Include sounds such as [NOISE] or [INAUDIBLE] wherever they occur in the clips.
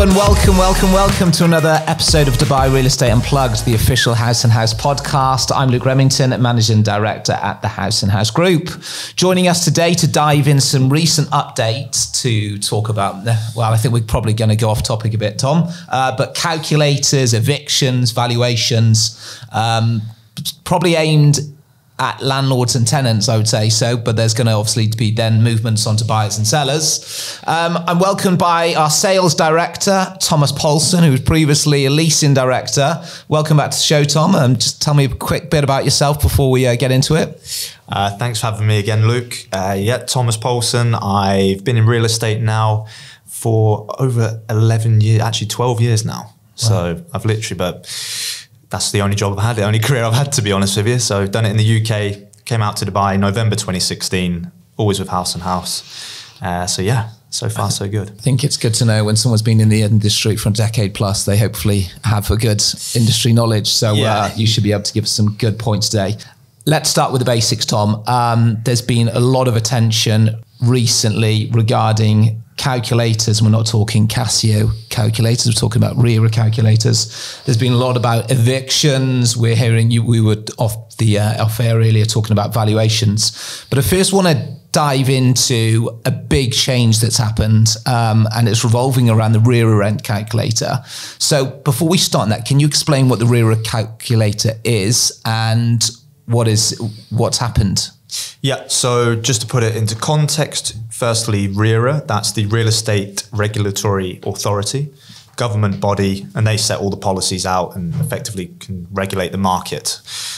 and welcome, welcome, welcome to another episode of Dubai Real Estate Unplugged, the official House and House podcast. I'm Luke Remington, Managing Director at the House and House Group. Joining us today to dive in some recent updates to talk about, well, I think we're probably going to go off topic a bit, Tom, uh, but calculators, evictions, valuations, um, probably aimed at landlords and tenants, I would say so, but there's going to obviously be then movements onto buyers and sellers. Um, I'm welcomed by our sales director, Thomas Paulson, who was previously a leasing director. Welcome back to the show, Tom. Um, just tell me a quick bit about yourself before we uh, get into it. Uh, thanks for having me again, Luke. Uh, yeah, Thomas Paulson. I've been in real estate now for over 11 years, actually 12 years now. Wow. So I've literally, but that's the only job I've had, the only [LAUGHS] career I've had, to be honest with you. So I've done it in the UK, came out to Dubai November 2016, always with House and House. Uh, so yeah, so far th- so good. I think it's good to know when someone's been in the industry for a decade plus, they hopefully have a good industry knowledge. So uh, yeah. uh, you should be able to give us some good points today. Let's start with the basics, Tom. Um, there's been a lot of attention recently regarding calculators. We're not talking Casio calculators. We're talking about RERA calculators. There's been a lot about evictions. We're hearing you. We were off the uh, off air earlier talking about valuations. But I first want to dive into a big change that's happened, um, and it's revolving around the RERA rent calculator. So before we start that, can you explain what the RERA calculator is and what is what's happened? Yeah, so just to put it into context, firstly, RERA, that's the Real Estate Regulatory Authority, government body, and they set all the policies out and effectively can regulate the market.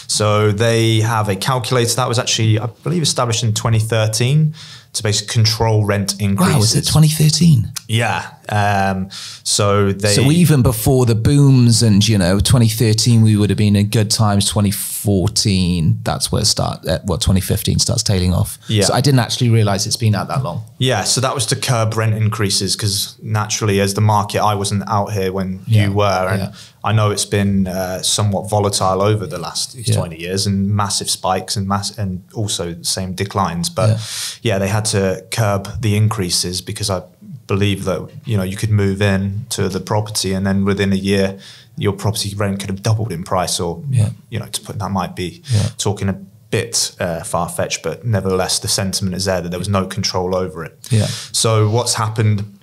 So they have a calculator that was actually, I believe, established in 2013 to basically control rent increases. Wow, was it 2013? Yeah. Um, so they. So even before the booms and, you know, 2013, we would have been in good times. 2014, that's where start, uh, 2015 starts tailing off. Yeah. So I didn't actually realize it's been out that long. Yeah. So that was to curb rent increases because naturally, as the market, I wasn't out here when yeah. you were. And yeah. I know it's been uh, somewhat volatile over the last yeah. 20 years and massive spikes and mass and also same declines. But yeah. yeah. they had to curb the increases because I believe that you know you could move in to the property and then within a year your property rent could have doubled in price or yeah. you know to put that might be talking a bit uh, far fetched, but nevertheless the sentiment is there that there was no control over it. Yeah. So what's happened?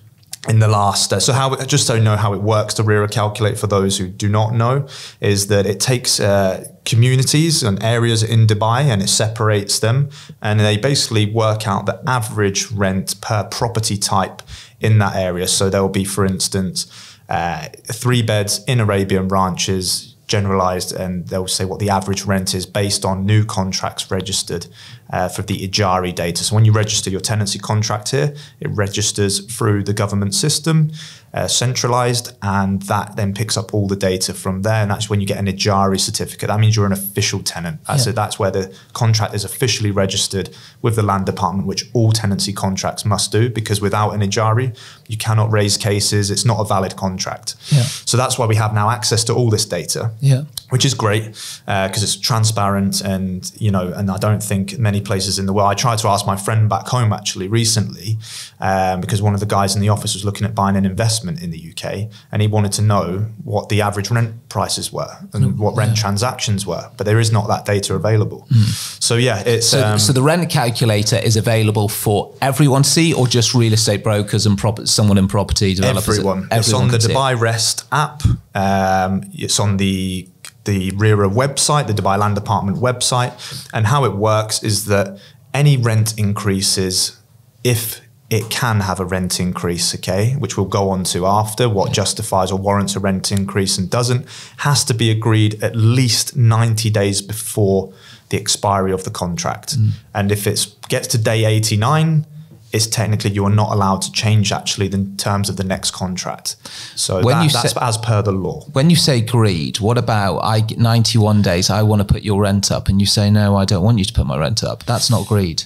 in the last. Uh, so how just so you know how it works, the re calculate for those who do not know is that it takes uh, communities and areas in Dubai and it separates them, and they basically work out the average rent per property type in that area. So there will be, for instance. Uh, three beds in Arabian ranches, generalized and they'll say what the average rent is based on new contracts registered uh, for the Ijari data. So when you register your tenancy contract here, it registers through the government system uh, centralized, and that then picks up all the data from there. And that's when you get an Ijari certificate. That means you're an official tenant. Uh, yeah. So that's where the contract is officially registered with the land department, which all tenancy contracts must do because without an Ijari, you cannot raise cases. It's not a valid contract. Yeah. So that's why we have now access to all this data. Yeah. Which is great because uh, it's transparent, and you know, and I don't think many places in the world. I tried to ask my friend back home actually recently um, because one of the guys in the office was looking at buying an investment investment in the UK, and he wanted to know what the average rent prices were and mm, what rent yeah. transactions were. But there is not that data available. Mm. So yeah, it's so, um, so, the rent calculator is available for everyone to see, or just real estate brokers and prop- someone in property developers. Everyone. everyone it's on the Dubai it. Rest app. Um, it's on the the RERA website, the Dubai Land Department website, and how it works is that any rent increases if it can have a rent increase, okay, which we'll go on to after. What justifies or warrants a rent increase and doesn't has to be agreed at least 90 days before the expiry of the contract. Mm. And if it gets to day 89, it's technically you are not allowed to change actually the terms of the next contract. So when that, you that's say, as per the law. When you say agreed, what about I 91 days, I want to put your rent up and you say, no, I don't want you to put my rent up. That's not agreed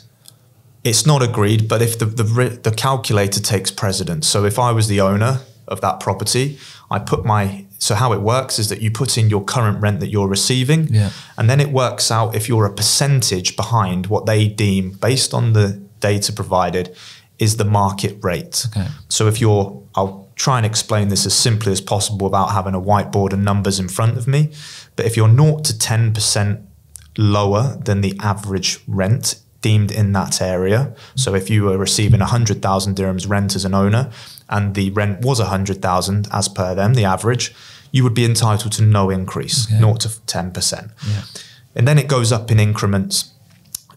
it's not agreed, but if the, the, the calculator takes precedence, so if I was the owner of that property, I put my so how it works is that you put in your current rent that you're receiving, yeah. and then it works out if you're a percentage behind what they deem based on the data provided is the market rate. Okay. So if you're, I'll try and explain this as simply as possible without having a whiteboard and numbers in front of me, but if you're 0 to 10% lower than the average rent deemed in that area. So if you were receiving 100,000 dirhams rent as an owner and the rent was 100,000 as per them, the average, you would be entitled to no increase, okay. 0 to 10%. Yeah. And then it goes up in increments.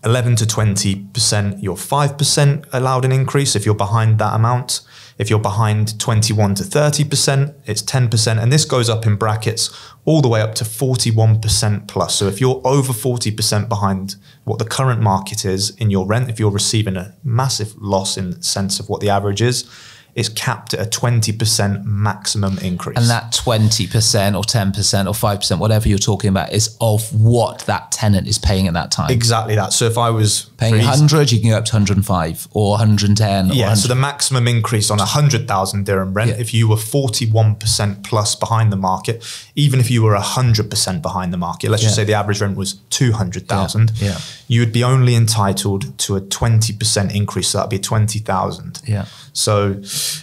11 to 20%, you're 5% allowed an increase if you're behind that amount. If you're behind 21 to 30%, it's 10%. And this goes up in brackets all the way up to 41% plus. So if you're over 40% behind what the current market is in your rent, if you're receiving a massive loss in the sense of what the average is, it's capped at a 20% maximum increase. And that 20% or 10% or 5%, whatever you're talking about, is of what that tenant is paying at that time. Exactly that. So if I was Paying Freeze. 100, you can go up to 105 or 110. yeah, so the maximum increase on 100,000 dirham rent, yeah. if you were 41% plus behind the market, even if you were 100% behind the market, let's yeah. just say the average rent was 200,000, yeah. yeah. you would be only entitled to a 20% increase. So that'd be 20,000. Yeah. So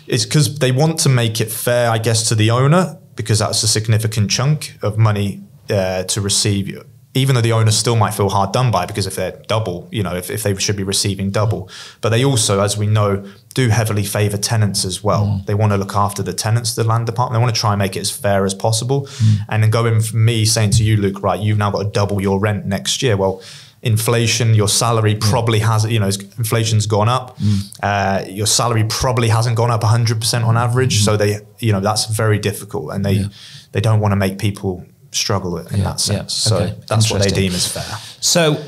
it's because they want to make it fair, I guess, to the owner because that's a significant chunk of money uh, to receive even though the owners still might feel hard done by because if they're double, you know, if, if they should be receiving double. But they also, as we know, do heavily favour tenants as well. Mm. They want to look after the tenants, the land department. They want to try and make it as fair as possible. Mm. And then going from me saying to you, Luke, right, you've now got to double your rent next year. Well, inflation, your salary probably yeah. has, you know, inflation's gone up. Mm. Uh, your salary probably hasn't gone up 100% on average. Mm. So they, you know, that's very difficult. And they, yeah. they don't want to make people struggle in yeah, that sense. Yeah. Okay. So that's what they deem as fair. So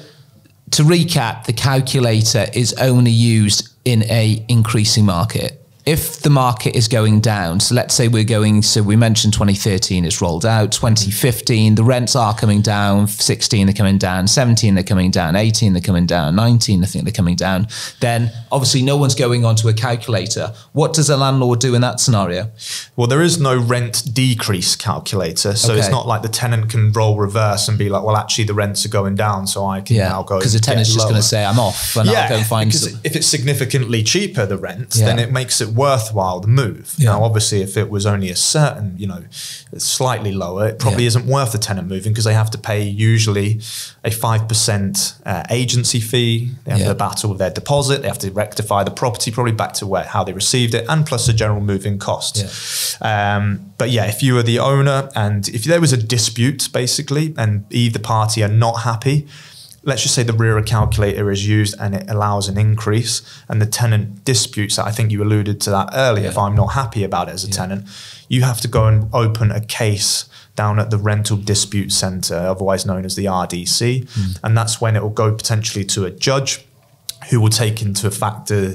to recap, the calculator is only used in a increasing market if the market is going down, so let's say we're going, so we mentioned 2013, it's rolled out, 2015, the rents are coming down, 16, they're coming down, 17, they're coming down, 18, they're coming down, 19, I think they're coming down. Then obviously no one's going onto a calculator. What does a landlord do in that scenario? Well, there is no rent decrease calculator. So okay. it's not like the tenant can roll reverse and be like, well, actually the rents are going down, so I can yeah, now go. Because the tenant's just going to say, I'm off and yeah, I'll go and find because some. if it's significantly cheaper, the rent, yeah. then it makes it worthwhile the move. Yeah. Now, obviously, if it was only a certain, you know, slightly lower, it probably yeah. isn't worth the tenant moving because they have to pay usually a 5% uh, agency fee. They have yeah. to battle with their deposit. They have to rectify the property probably back to where how they received it and plus the general moving cost. Um, but yeah, if you were the owner and if there was a dispute basically and either party are not happy, let's just say the RERA calculator is used and it allows an increase and the tenant disputes that. I think you alluded to that earlier. Yeah. If I'm not happy about it as a yeah. tenant, you have to go and open a case down at the Rental Dispute Centre, otherwise known as the RDC. Mm. And that's when it will go potentially to a judge who will take into factor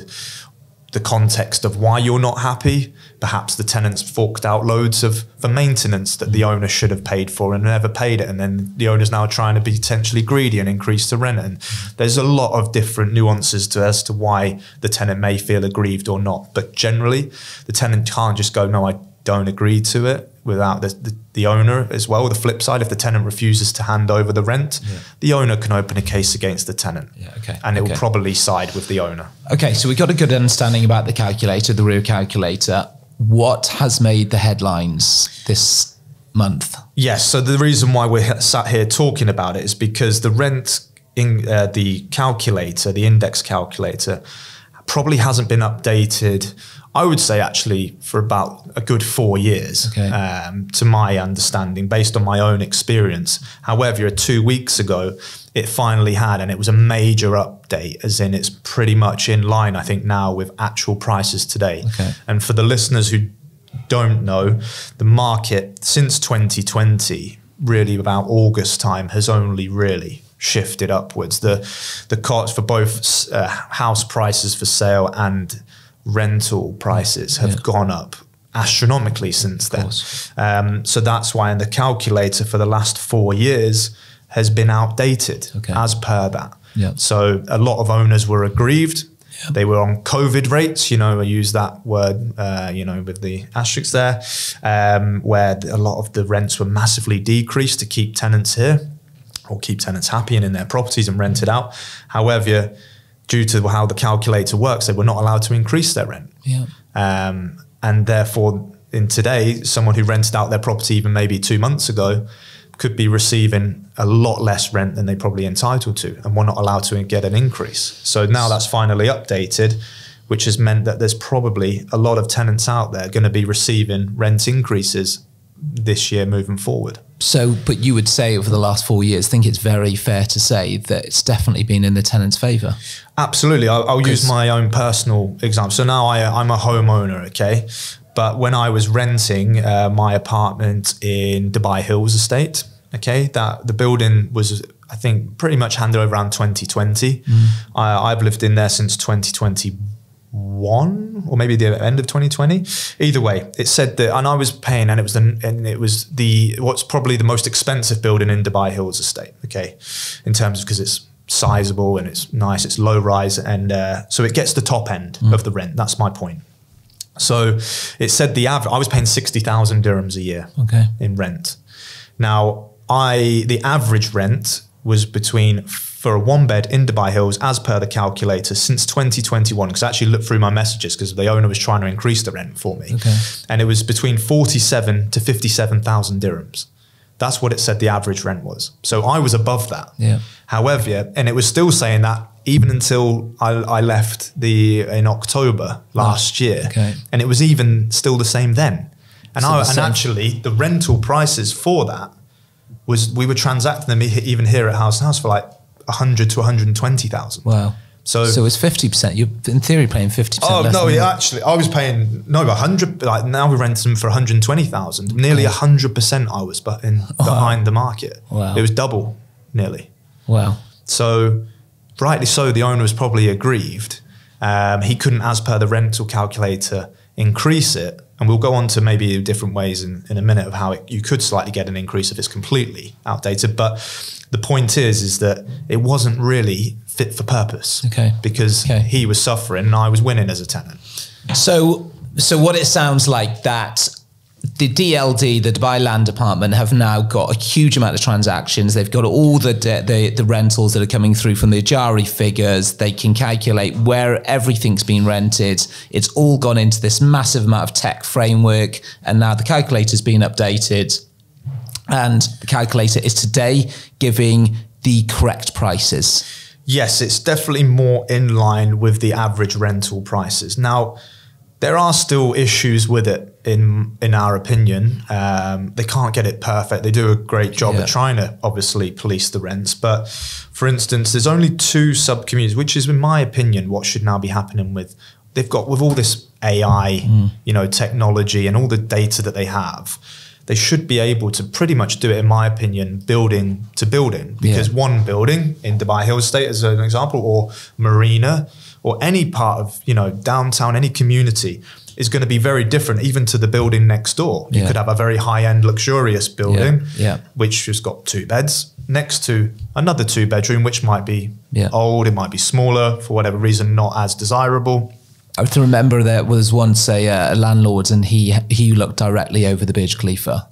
the context of why you're not happy. Perhaps the tenants forked out loads of the maintenance that the owner should have paid for and never paid it. And then the owner's now trying to be potentially greedy and increase the rent. And there's a lot of different nuances to as to why the tenant may feel aggrieved or not. But generally, the tenant can't just go, no, I don't agree to it without the, the, the, owner as well. The flip side, if the tenant refuses to hand over the rent, yeah. the owner can open a case against the tenant. Yeah, okay. And it okay. will probably side with the owner. Okay, so we got a good understanding about the calculator, the real calculator. What has made the headlines this month? Yes, so the reason why we're sat here talking about it is because the rent in uh, the calculator, the index calculator, probably hasn't been updated I would say actually for about a good four years, okay. um, to my understanding, based on my own experience. However, two weeks ago, it finally had, and it was a major update, as in it's pretty much in line, I think, now with actual prices today. Okay. And for the listeners who don't know, the market since 2020, really about August time, has only really shifted upwards. The the cost for both uh, house prices for sale and rental prices have yeah. gone up astronomically since then. Um, so that's why, and the calculator for the last four years has been outdated okay. as per that. Yeah. So a lot of owners were aggrieved. Yeah. They were on COVID rates, you know, I use that word, uh, you know, with the asterisks there, um, where a lot of the rents were massively decreased to keep tenants here or keep tenants happy and in their properties and rented out. However, due to how the calculator works, they were not allowed to increase their rent. Yeah. Um, and therefore, in today, someone who rented out their property even maybe two months ago could be receiving a lot less rent than they probably entitled to, and were not allowed to get an increase. So now that's finally updated, which has meant that there's probably a lot of tenants out there going to be receiving rent increases this year moving forward. So, but you would say over the last four years, I think it's very fair to say that it's definitely been in the tenant's favour. Absolutely. I'll, I'll use my own personal example. So now I, I'm a homeowner, okay? But when I was renting uh, my apartment in Dubai Hills Estate, okay, that the building was, I think, pretty much handed over around 2020. Mm. I, I've lived in there since 2021, or maybe the end of 2020 either way it said that and i was paying and it was the and it was the what's probably the most expensive building in dubai hills estate okay in terms of because it's sizable and it's nice, it's low rise, and uh, so it gets the top end mm. of the rent. That's my point. So it said the average. I was paying sixty thousand dirhams a year okay. in rent. Now I the average rent was between for a one bed in Dubai Hills, as per the calculator, since 2021. Because I actually looked through my messages because the owner was trying to increase the rent for me, okay. and it was between forty seven to fifty seven thousand dirhams. That's what it said the average rent was. So I was above that. Yeah. However, yeah, and it was still saying that even until I, I left the in October last oh, year, okay. and it was even still the same then. And so I, the and actually, the rental prices for that was we were transacting them even here at House and House for like hundred to one hundred and twenty thousand. Wow. So, so it's fifty percent. You're in theory paying fifty percent. Oh no, yeah, actually, I was paying no hundred. Like now we rent them for one hundred twenty thousand. Nearly hundred percent. I was but in behind the market. Wow. It was double, nearly. Wow. So, rightly so, the owner was probably aggrieved. Um, he couldn't, as per the rental calculator, increase it. And we'll go on to maybe different ways in, in a minute of how it, you could slightly get an increase if it's completely outdated. But the point is, is that it wasn't really fit for purpose. Okay. Because okay. he was suffering and I was winning as a tenant. So, so what it sounds like that the DLD, the Dubai Land Department, have now got a huge amount of transactions. They've got all the de- the, the, rentals that are coming through from the Ajari figures. They can calculate where everything's been rented. It's all gone into this massive amount of tech framework, and now the calculator's been updated, and the calculator is today giving the correct prices. Yes, it's definitely more in line with the average rental prices now there are still issues with it in in our opinion um, they can't get it perfect they do a great job yeah. at trying to obviously police the rents but for instance there's only two sub communities which is in my opinion what should now be happening with they've got with all this ai mm. you know technology and all the data that they have they should be able to pretty much do it in my opinion building to building because yeah. one building in dubai hill state as an example or marina or any part of you know downtown, any community is going to be very different, even to the building next door. You yeah. could have a very high end, luxurious building, yeah. Yeah. which has got two beds next to another two bedroom, which might be old, it might be smaller for whatever reason, not as desirable. I have to remember there was once a, uh, a landlord, and he he looked directly over the Burj Khalifa.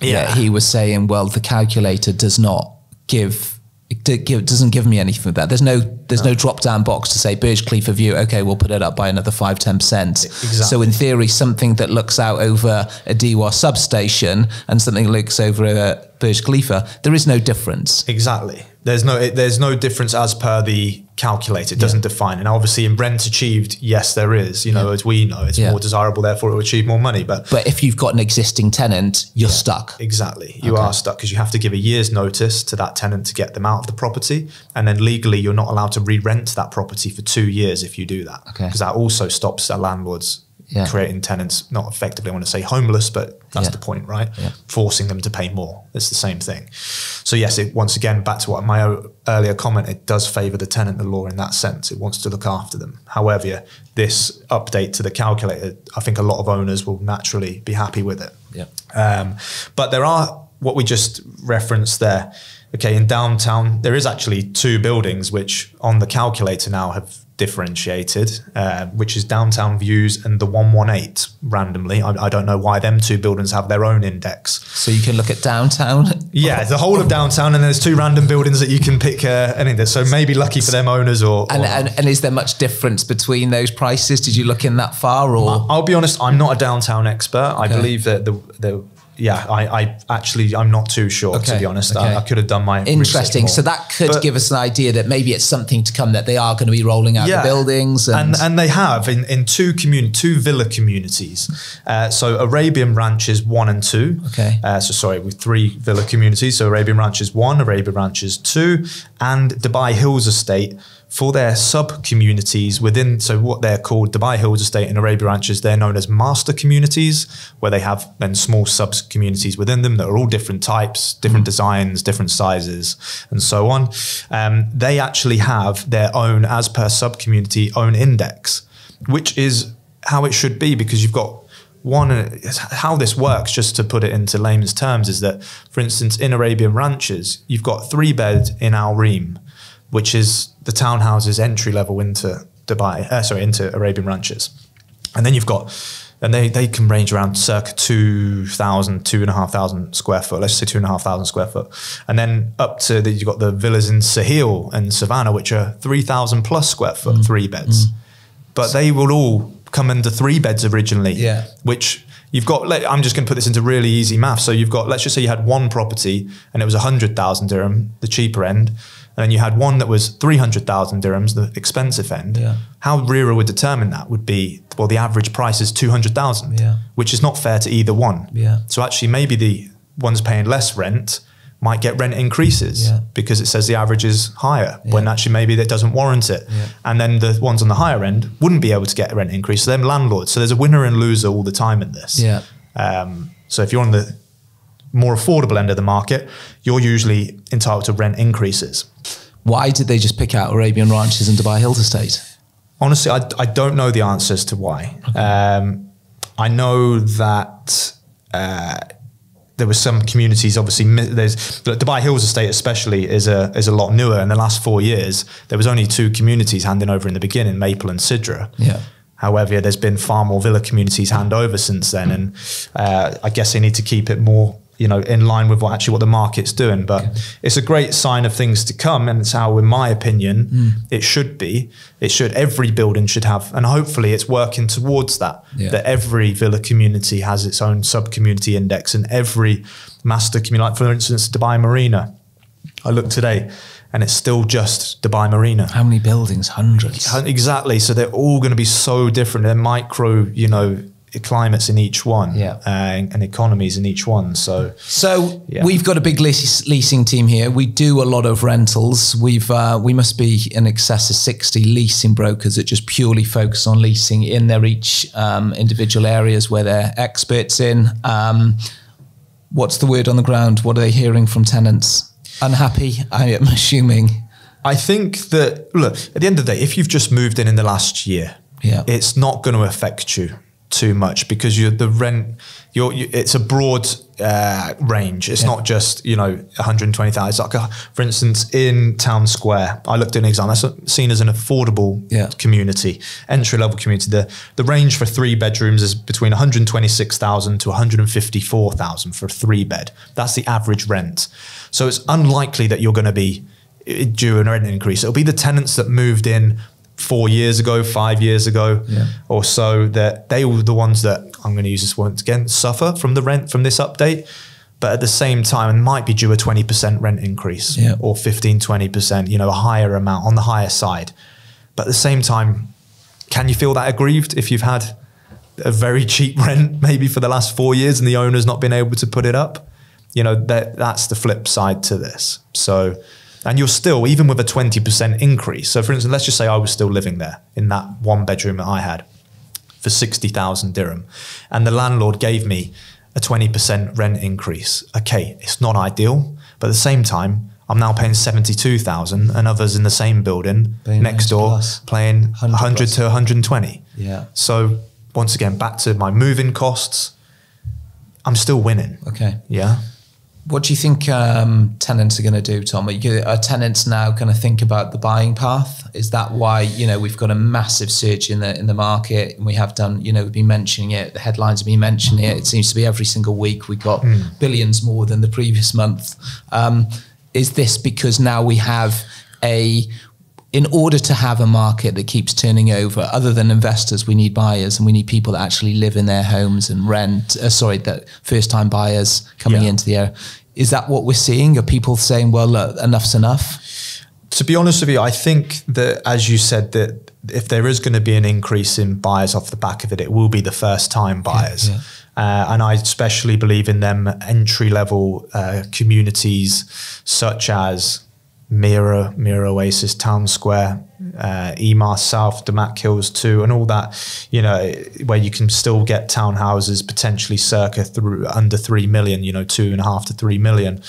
Yeah. he was saying, well, the calculator does not give, it doesn't give me anything for that. There's no there's no, no drop down box to say Burj Khalifa view. Okay, we'll put it up by another five ten percent. Exactly. So in theory, something that looks out over a Dewa substation and something looks over a Burj Khalifa, there is no difference. Exactly. There's no there's no difference as per the calculator. It doesn't yeah. define. And obviously, in Brent achieved, yes, there is. You know, yeah. as we know, it's yeah. more desirable. Therefore, it will achieve more money. But but if you've got an existing tenant, you're stuck. Exactly, you okay. are stuck because you have to give a year's notice to that tenant to get them out of the property, and then legally, you're not allowed to re-rent that property for two years if you do that. Okay. Because that also stops the landlords yeah. creating tenants not effectively I want to say homeless, but that's yeah. the point, right? Yeah. Forcing them to pay more. It's the same thing. So yes, it, once again back to what my earlier comment, it does favour the tenant, the law in that sense. It wants to look after them. However, this update to the calculator, I think a lot of owners will naturally be happy with it. Yeah. Um, but there are what we just referenced there okay, in downtown, there is actually two buildings which on the calculator now have differentiated, uh, which is Downtown Views and the 118 randomly. I, I, don't know why them two buildings have their own index. So you can look at downtown? Yeah, the whole of downtown, and there's two random buildings that you can pick uh, an index. So maybe lucky for them owners or. And, and, and, is there much difference between those prices? Did you look in that far or? I'll be honest, I'm not a downtown expert. I okay. believe that the, the yeah, I, I actually I'm not too sure okay. to be honest. Okay. I, I, could have done my interesting. So that could but, give us an idea that maybe it's something to come that they are going to be rolling out yeah, the buildings and... and, and they have in in two commun two villa communities. Uh, so Arabian Ranch is one and two. Okay. Uh, so sorry, with three villa communities. So Arabian Ranch is one, Arabian Ranch is two, and Dubai Hills Estate for their sub communities within, so what they're called Dubai Hills Estate and Arabia Ranches, they're known as master communities, where they have then small sub communities within them that are all different types, different mm. designs, different sizes, and so on. Um, they actually have their own, as per sub community, own index, which is how it should be because you've got one how this works just to put it into layman's terms is that for instance in arabian ranches you've got three beds in al reem which is the townhouses entry level into Dubai, uh, sorry, into Arabian ranches. And then you've got, and they, they can range around circa 2,000, 2,500 square foot, let's say 2,500 square foot. And then up to the, you've got the villas in Sahil and Savannah, which are 3,000 plus square foot, mm. three beds. Mm. But so, they will all come under three beds originally, yeah. which you've got, let, I'm just going to put this into really easy math. So you've got, let's just say you had one property and it was 100,000 dirham, the cheaper end and you had one that was 300,000 dirhams, the expensive end. Yeah. How RERA would determine that would be, well, the average price is 200,000, yeah. which is not fair to either one. Yeah. So actually maybe the ones paying less rent might get rent increases yeah. because it says the average is higher yeah. when actually maybe that doesn't warrant it. Yeah. And then the ones on the higher end wouldn't be able to get a rent increase. So them landlords. So there's a winner and loser all the time in this. Yeah. Um, so if you're on the more affordable end of the market, you're usually entitled to rent increases. Why did they just pick out Arabian ranches and Dubai Hills Estate? Honestly, I, I don't know the answers to why. Um, I know that uh, there were some communities. Obviously, there's Dubai Hills Estate, especially, is a is a lot newer. In the last four years, there was only two communities handing over in the beginning, Maple and Sidra. Yeah. However, there's been far more villa communities hand over since then, and uh, I guess they need to keep it more you know in line with what actually what the market's doing but okay. it's a great sign of things to come and it's how in my opinion mm. it should be it should every building should have and hopefully it's working towards that yeah. that every villa community has its own sub community index and every master community like for instance dubai marina i looked today and it's still just Dubai Marina. How many buildings? Hundreds. Exactly. So they're all going to be so different. They're micro, you know, climates in each one yeah. and, uh, and, economies in each one. So, so yeah. we've got a big lease, leasing team here. We do a lot of rentals. We've uh, we must be in excess of sixty leasing brokers that just purely focus on leasing in their each um, individual areas where they're experts in. Um, what's the word on the ground? What are they hearing from tenants? Unhappy, I am assuming. I think that look at the end of the day, if you've just moved in in the last year, yeah. it's not going to affect you too much because you the rent you're, you, it's a broad uh, range. It's yeah. not just you know 120,000. It's like a, for instance in town square, I looked at an example. That's seen as an affordable yeah. community, entry level community. The the range for three bedrooms is between 126,000 to 154,000 for a three bed. That's the average rent. So it's unlikely that you're going to be uh, due an rent increase. It'll be the tenants that moved in four years ago, five years ago yeah. or so that they were the ones that I'm going to use this once again suffer from the rent from this update. But at the same time, might be due a 20% rent increase yeah. or 15, 20%, you know, a higher amount on the higher side. But at the same time, can you feel that aggrieved if you've had a very [LAUGHS] cheap rent maybe for the last four years and the owner's not been able to put it up? You know, that, that's the flip side to this. So, and you're still, even with a 20% increase. So, for instance, let's just say I was still living there in that one bedroom that I had for 60,000 dirham. And the landlord gave me a 20% rent increase. Okay, it's not ideal, but at the same time, I'm now paying 72,000 and others in the same building next door plus, playing 100, 100 to 120. Yeah. So once again, back to my moving costs, I'm still winning. Okay. Yeah. What do you think um, tenants are going to do, Tom? Are, you, are tenants now going to think about the buying path? Is that why you know we've got a massive surge in the in the market, and we have done you know we've been mentioning it. The headlines have been mentioning it. It seems to be every single week we got mm. billions more than the previous month. Um, is this because now we have a in order to have a market that keeps turning over, other than investors, we need buyers and we need people that actually live in their homes and rent. Uh, sorry, that first time buyers coming yeah. into the area. Is that what we're seeing? Are people saying, well, look, enough's enough? To be honest with you, I think that, as you said, that if there is going to be an increase in buyers off the back of it, it will be the first time buyers. Yeah, yeah. Uh, and I especially believe in them entry level uh, communities such as Mira, Mira Oasis, Town Square, uh, Emar South, Damat Hills 2, and all that, you know, where you can still get townhouses potentially circa through under 3 million, you know, two and a half to 3 million.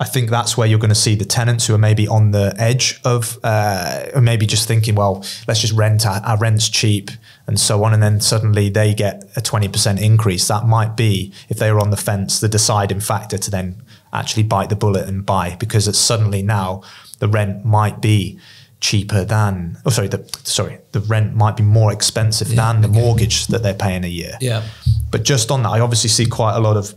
I think that's where you're going to see the tenants who are maybe on the edge of, uh, or maybe just thinking, well, let's just rent, our, our rent's cheap and so on. And then suddenly they get a 20% increase. That might be, if they were on the fence, the deciding factor to then actually bite the bullet and buy because it's suddenly now the rent might be cheaper than oh sorry the sorry the rent might be more expensive yeah, than the okay. mortgage that they're paying a year yeah but just on that i obviously see quite a lot of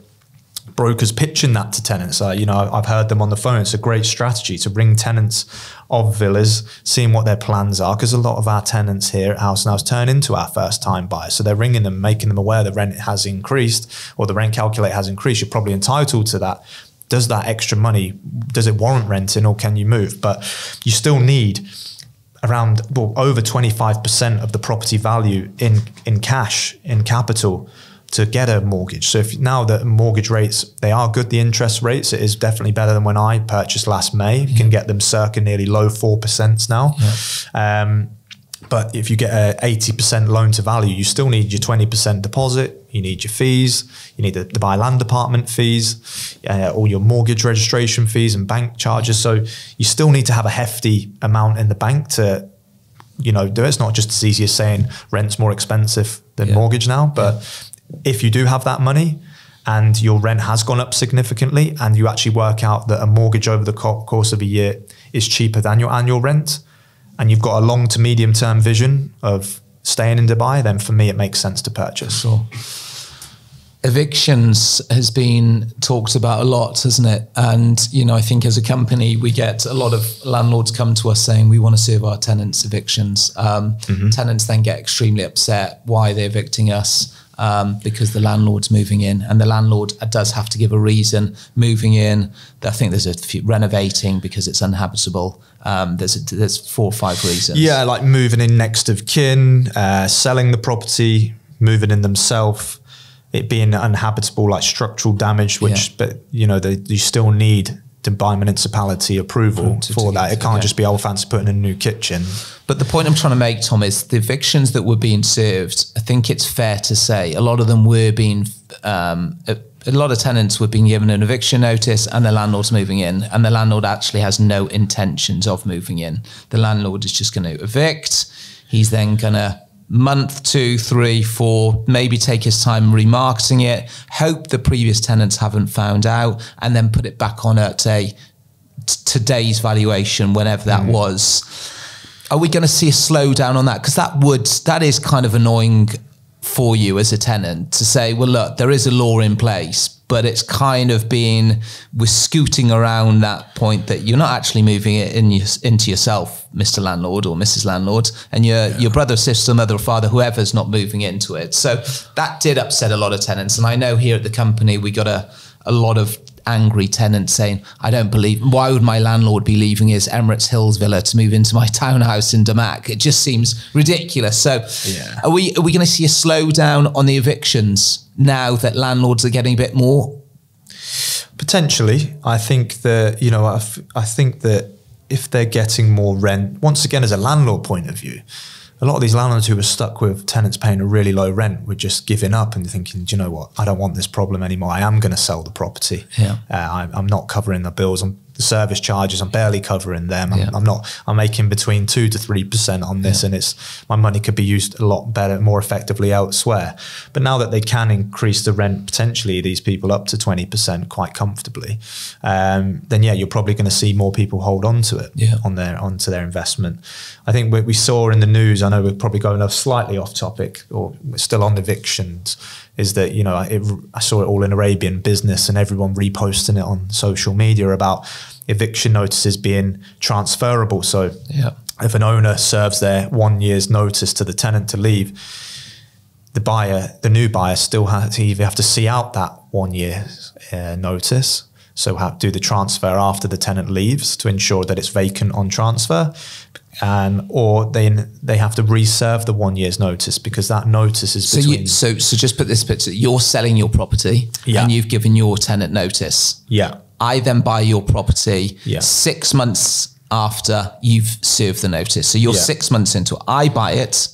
brokers pitching that to tenants uh, you know i've heard them on the phone it's a great strategy to ring tenants of villas seeing what their plans are because a lot of our tenants here at house nows turn into our first time buyers so they're ringing them making them aware the rent has increased or the rent calculator has increased you're probably entitled to that does that extra money does it warrant renting or can you move but you still need around well over 25% of the property value in in cash in capital to get a mortgage so if now that mortgage rates they are good the interest rates it is definitely better than when i purchased last may you can get them circa nearly low 4% now yeah. um, but if you get a 80% loan to value you still need your 20% deposit you need your fees, you need the, the buy land department fees, uh, all your mortgage registration fees and bank charges. So you still need to have a hefty amount in the bank to, you know, do it. It's not just as easy as saying rent's more expensive than yeah. mortgage now. But yeah. if you do have that money, and your rent has gone up significantly, and you actually work out that a mortgage over the co course of a year is cheaper than your annual rent, and you've got a long to medium term vision of staying in Dubai, then for me it makes sense to purchase. Sure. Evictions has been talked about a lot, hasn't it? And you know, I think as a company, we get a lot of landlords come to us saying we want to serve our tenants evictions. Um, mm-hmm. Tenants then get extremely upset why they're evicting us um, because the landlord's moving in, and the landlord does have to give a reason. Moving in, I think there's a few renovating because it's unhabitable. Um, there's a, there's four or five reasons. Yeah, like moving in next of kin, uh, selling the property, moving in themselves, it being unhabitable, like structural damage, which yeah. but you know they, you still need by municipality approval for that. It can't yeah. just be old fancy putting a new kitchen. But the point I'm trying to make, Tom, is the evictions that were being served. I think it's fair to say a lot of them were being. Um, a, a lot of tenants were being given an eviction notice and the landlord's moving in and the landlord actually has no intentions of moving in the landlord is just going to evict he's then going to month two, three, four, maybe take his time remarketing it, hope the previous tenants haven't found out, and then put it back on at a today's valuation, whenever that mm. was. Are we going to see a slowdown on that? Because that would that is kind of annoying for you as a tenant to say, well, look, there is a law in place, but it's kind of been we're scooting around that point that you're not actually moving it in your, into yourself, Mr. Landlord or Mrs. Landlord, and your yeah. your brother, sister, mother, or father, whoever's not moving into it. So that did upset a lot of tenants, and I know here at the company we got a a lot of angry tenant saying, I don't believe, why would my landlord be leaving his Emirates Hills villa to move into my [LAUGHS] townhouse in Damac? It just seems ridiculous. So yeah. are we, are we going to see a slowdown on the evictions now that landlords are getting a bit more? Potentially. I think that, you know, I think that if they're getting more rent, once again, as a landlord point of view, a lot of these landlords who were stuck with tenants paying a really low rent were just giving up and thinking, do you know what? I don't want this problem anymore. I am going to sell the property. Yeah. Uh, I, I'm, not covering the bills. I'm the service charges. I'm barely covering them. I'm, yeah. I'm not. I'm making between two to three percent on this, yeah. and it's my money could be used a lot better, more effectively elsewhere. But now that they can increase the rent potentially these people up to twenty percent quite comfortably, um, then yeah, you're probably going to see more people hold on to it yeah. on their onto their investment. I think what we saw in the news. I know we're probably going off slightly off topic, or still on evictions is that you know it, I saw it all in Arabian business and everyone reposting it on social media about eviction notices being transferable. So yeah. if an owner serves their one year's notice to the tenant to leave, the buyer, the new buyer, still has to either have to see out that one year uh, notice so have, do the transfer after the tenant leaves to ensure that it's vacant on transfer. Um, or they they have to reserve the one year's notice because that notice is so between. You, so so just put this picture: you're selling your property, yeah. and you've given your tenant notice. Yeah. I then buy your property. Yeah. Six months after you've served the notice, so you're yeah. six months into it. I buy it.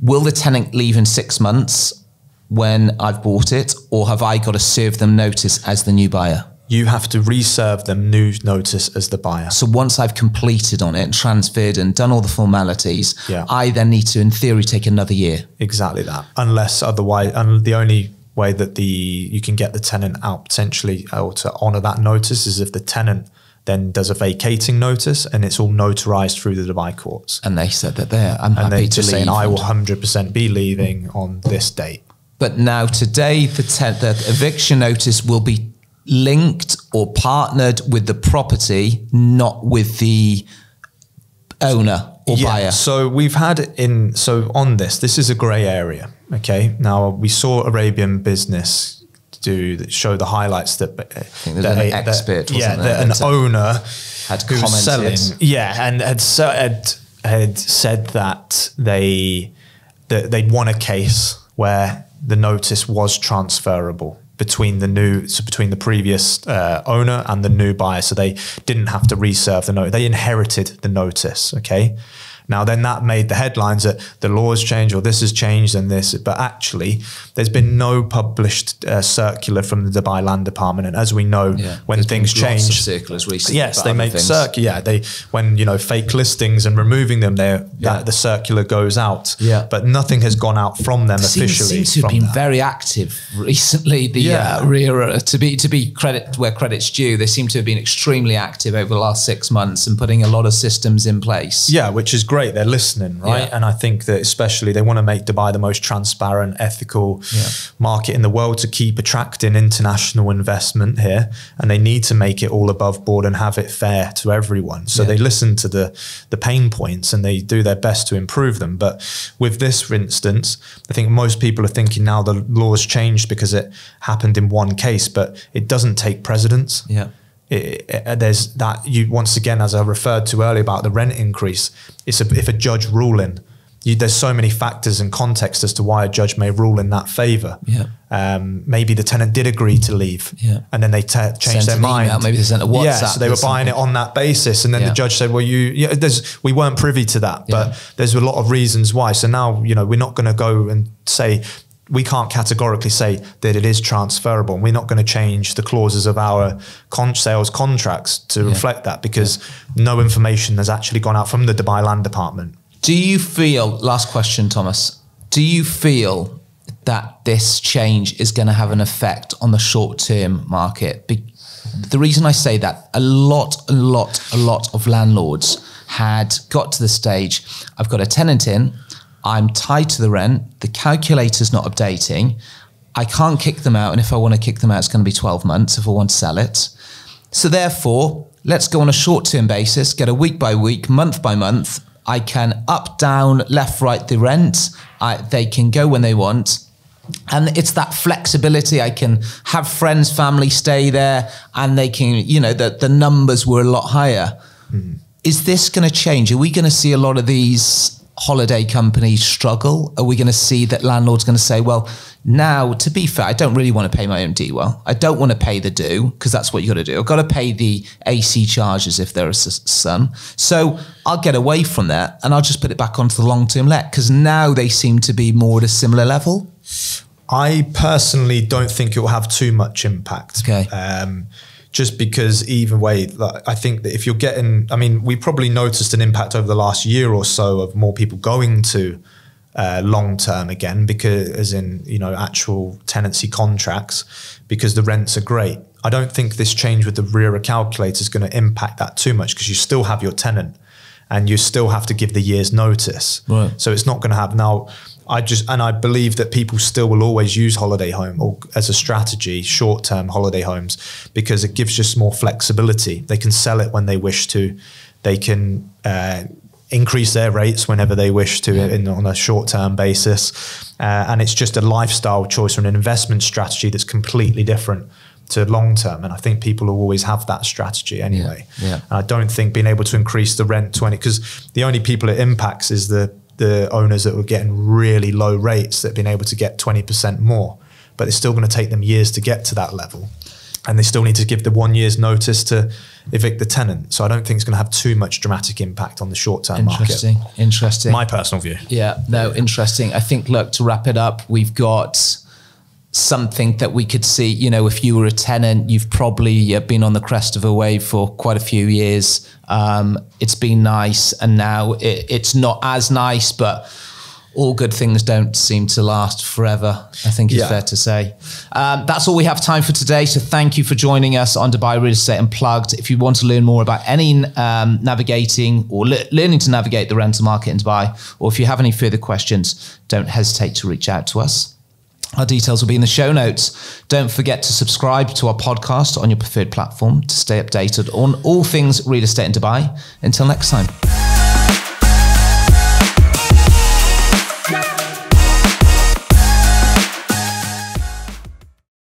Will the tenant leave in six months when I've bought it, or have I got to serve them notice as the new buyer? you have to reserve them new notice as the buyer. So once I've completed on it and transferred and done all the formalities, yeah. I then need to, in theory, take another year. Exactly that, unless otherwise, and the only way that the you can get the tenant out potentially or to honour that notice is if the tenant then does a vacating notice and it's all notarized through the Dubai courts. And they said that they're. I'm and happy they're to just leave. Saying, I will 100% be leaving on this date. But now today, the, te- the eviction notice will be linked or partnered with the property, not with the owner or yeah, buyer. So we've had in so on this, this is a grey area. Okay. Now we saw Arabian business do show the highlights that, uh, that an expert, that, yeah, there? an owner had commented. selling, yeah, and had had had said that they that they'd won a case where the notice was transferable between the new so between the previous uh, owner and the new buyer so they didn't have to reserve the note they inherited the notice okay now, then that made the headlines that the laws changed or this has changed and this, but actually, there's been no published uh, circular from the Dubai Land Department. And as we know, yeah. when there's things change, circulars recently. Yes, they make circular. Yeah, they when you know fake listings and removing them, there yeah. the circular goes out. Yeah, but nothing has gone out from them seems, officially. Seems to have been that. very active recently. The uh, yeah. uh, RERA, to be to be credit where credit's due, they seem to have been extremely active over the last six months and putting a lot of systems in place. Yeah, which is great great. They're listening, right? Yeah. And I think that especially they want to make Dubai the most transparent, ethical yeah. market in the world to keep attracting international investment here. And they need to make it all above board and have it fair to everyone. So yeah. they listen to the the pain points and they do their best to improve them. But with this, for instance, I think most people are thinking now the law's changed because it happened in one case, but it doesn't take precedence. Yeah it, it, uh, there's that you once again, as I referred to earlier about the rent increase, it's a, if a judge ruling. You, there's so many factors and context as to why a judge may rule in that favour. Yeah. Um, maybe the tenant did agree to leave, yeah. and then they changed sent their mind. Email, maybe they sent a WhatsApp. Yeah, so they were buying something. it on that basis, and then yeah. the judge said, "Well, you, yeah, uh, there's we weren't privy to that, but there's a lot of reasons why." So now you know we're not going to go and say we can't categorically say that it is transferable. and We're not going to change the clauses of our con sales contracts to yeah. reflect that because yeah. no information has actually gone out from the Dubai Land Department. Do you feel, last question, Thomas, do you feel that this change is going to have an effect on the short term market? Be the reason I say that, a lot, a lot, a lot of landlords had got to the stage I've got a tenant in, I'm tied to the rent, the calculator's not updating, I can't kick them out. And if I want to kick them out, it's going to be 12 months if I want to sell it. So therefore, let's go on a short term basis, get a week by week, month by month. I can up, down, left, right the rent. I, they can go when they want. And it's that flexibility. I can have friends, family stay there, and they can, you know, the, the numbers were a lot higher. Mm-hmm. Is this going to change? Are we going to see a lot of these holiday companies struggle? Are we going to see that landlords going to say, well, now to be fair, I don't really want to pay my own D well. I don't want to pay the due because that's what you got to do. I've got to pay the AC charges if there is are some. So I'll get away from that and I'll just put it back onto the long term let because now they seem to be more at a similar level. I personally don't think it will have too much impact. Okay. Um, just because even way, I think that if you're getting, I mean, we probably noticed an impact over the last year or so of more people going to uh, long term again, because as in you know actual tenancy contracts, because the rents are great. I don't think this change with the RERA calculator is going to impact that too much because you still have your tenant and you still have to give the year's notice. Right. So it's not going to have now. I just and I believe that people still will always use holiday home or as a strategy, short term holiday homes, because it gives just more flexibility. They can sell it when they wish to. They can uh, increase their rates whenever they wish to in, on a short term basis, uh, and it's just a lifestyle choice or an investment strategy that's completely different to long term. And I think people will always have that strategy anyway. Yeah, yeah. And I don't think being able to increase the rent to any because the only people it impacts is the the owners that were getting really low rates that have been able to get 20% more, but it's still going to take them years to get to that level. And they still need to give the one year's notice to evict the tenant. So I don't think it's going to have too much dramatic impact on the short term market. Interesting. Interesting. My personal view. Yeah, no, interesting. I think, look, to wrap it up, we've got something that we could see. You know, if you were a tenant, you've probably been on the crest of a wave for quite a few years. Um, it's been nice, and now it, it's not as nice, but all good things don't seem to last forever, I think it's yeah. fair to say. Um, that's all we have time for today. So thank you for joining us on Dubai Real Estate Unplugged. If you want to learn more about any um, navigating or le learning to navigate the rental market in Dubai, or if you have any further questions, don't hesitate to reach out to us. Our details will be in the show notes. Don't forget to subscribe to our podcast on your preferred platform to stay updated on all things real estate in Dubai. Until next time.